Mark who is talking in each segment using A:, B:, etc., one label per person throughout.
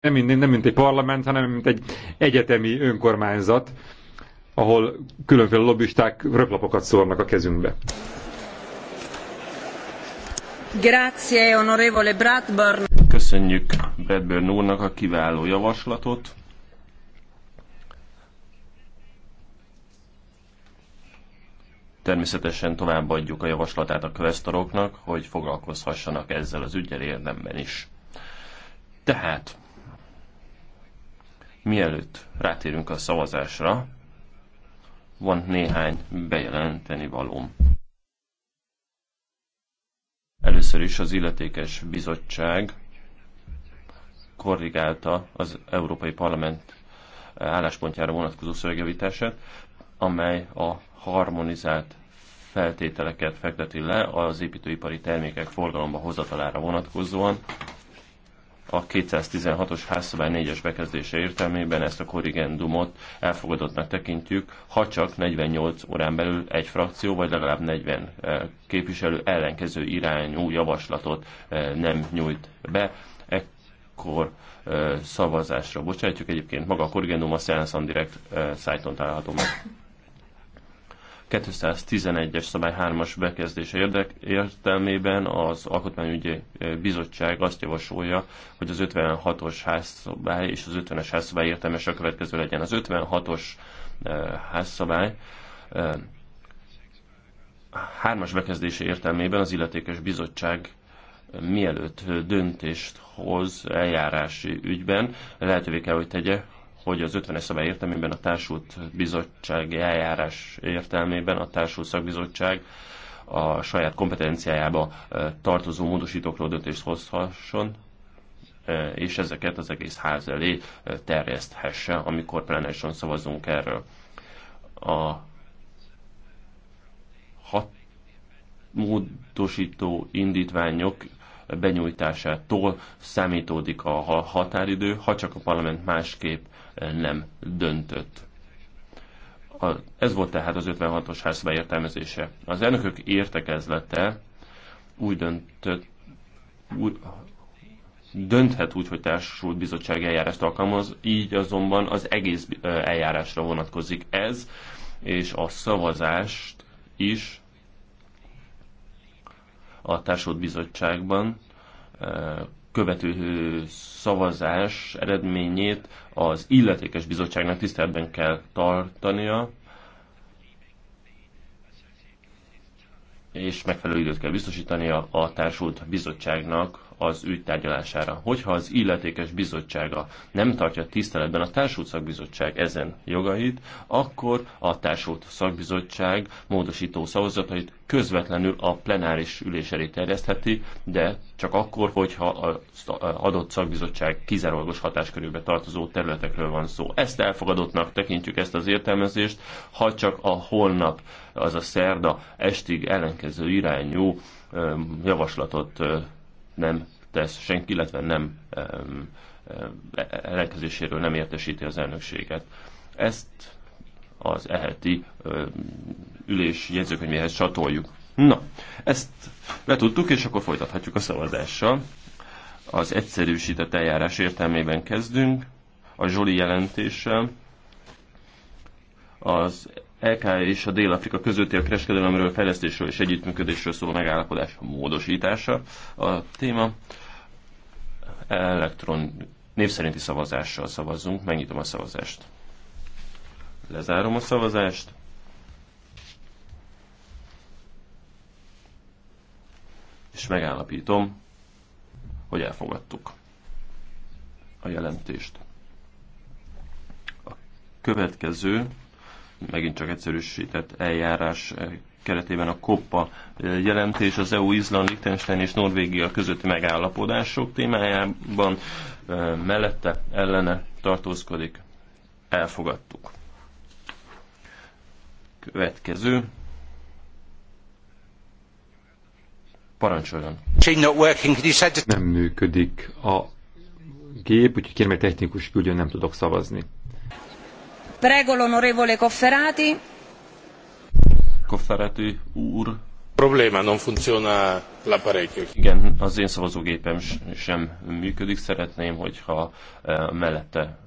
A: nem, nem, nem mint egy parlament, hanem mint egy egyetemi önkormányzat, ahol különféle lobbisták röplapokat szórnak a kezünkbe. Grazie, onorevole Bradburn. Köszönjük Bradburn úrnak a kiváló javaslatot. Természetesen továbbadjuk a javaslatát a kövesztoroknak, hogy foglalkozhassanak ezzel az ügyel érdemben is. Tehát Mielőtt rátérünk a szavazásra, van néhány bejelenteni valóm. Először is az illetékes bizottság korrigálta az Európai Parlament álláspontjára vonatkozó szövegjavítását, amely a harmonizált feltételeket fekteti le az építőipari termékek forgalomba hozatalára vonatkozóan, a 216-os házszabály 4-es bekezdése értelmében ezt a korrigendumot elfogadottnak tekintjük, ha csak 48 órán belül egy frakció, vagy legalább 40 eh, képviselő ellenkező irányú javaslatot eh, nem nyújt be, ekkor eh, szavazásra bocsátjuk. Egyébként maga a korrigendum a Szenszan Direkt szájton található meg. 211-es szabály 3-as bekezdése érdek, értelmében az Alkotmányügyi eh, Bizottság azt javasolja, hogy az 56-os házszabály és az 50-es házszabály értelmes a következő legyen. Az 56-os eh, házszabály eh, hármas bekezdése értelmében az illetékes bizottság mielőtt döntést hoz eljárási ügyben, lehetővé kell, hogy tegye, hogy az 50-es szabály értelmében a társult bizottság eljárás értelmében a társult szakbizottság a saját kompetenciájába tartozó módosítókról döntést hozhasson, és ezeket az egész ház elé terjeszthesse, amikor plenárison szavazunk erről. A hat módosító indítványok benyújtásától számítódik a határidő, ha csak a parlament másképp eh, nem döntött. A, ez volt tehát az 56-os ház beértelmezése. Az elnökök értekezlete úgy döntött, úgy, dönthet úgy, hogy társult bizottság eljárást alkalmaz, így azonban az egész eh, eljárásra vonatkozik ez, és a szavazást is a társult bizottságban e, követő szavazás eredményét az illetékes bizottságnak tiszteletben kell tartania, és megfelelő időt kell biztosítania a társult bizottságnak az ügy tárgyalására. Hogyha az illetékes bizottsága nem tartja tiszteletben a társult szakbizottság ezen jogait, akkor a társult szakbizottság módosító szavazatait közvetlenül a plenáris ülés elé terjesztheti, de csak akkor, hogyha az adott szakbizottság kizárólagos hatáskörébe tartozó területekről van szó. Ezt elfogadottnak tekintjük ezt az értelmezést, ha csak a holnap, az a szerda estig ellenkező irányú javaslatot nem tesz senki, illetve nem um, ellenkezéséről nem értesíti az elnökséget. Ezt az eheti um, ülés jegyzőkönyvéhez csatoljuk. Na, ezt letudtuk, és akkor folytathatjuk a szavazással. Az egyszerűsített eljárás értelmében kezdünk. A Zsoli jelentéssel az EK és a Dél-Afrika közötti a kereskedelemről, fejlesztésről és együttműködésről szóló megállapodás módosítása a téma. Elektron név szerinti szavazással szavazzunk. Megnyitom a szavazást. Lezárom a szavazást. És megállapítom, hogy elfogadtuk a jelentést. A következő megint csak egyszerűsített eljárás keretében a COPPA jelentés az EU, Izland, Liechtenstein és Norvégia közötti megállapodások témájában mellette ellene tartózkodik. Elfogadtuk. Következő. Parancsoljon. Nem működik a gép, úgyhogy kérem, technikus küldjön, nem tudok szavazni. Prego l'onorevole Cofferati. Cofferati úr. Probléma, non funziona l'apparecchio. Igen, az én szavazógépem sem működik. Szeretném, hogyha e, mellette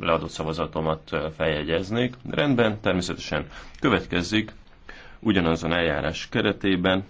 A: leadott szavazatomat e, feljegyeznék. Rendben, természetesen következik ugyanazon eljárás keretében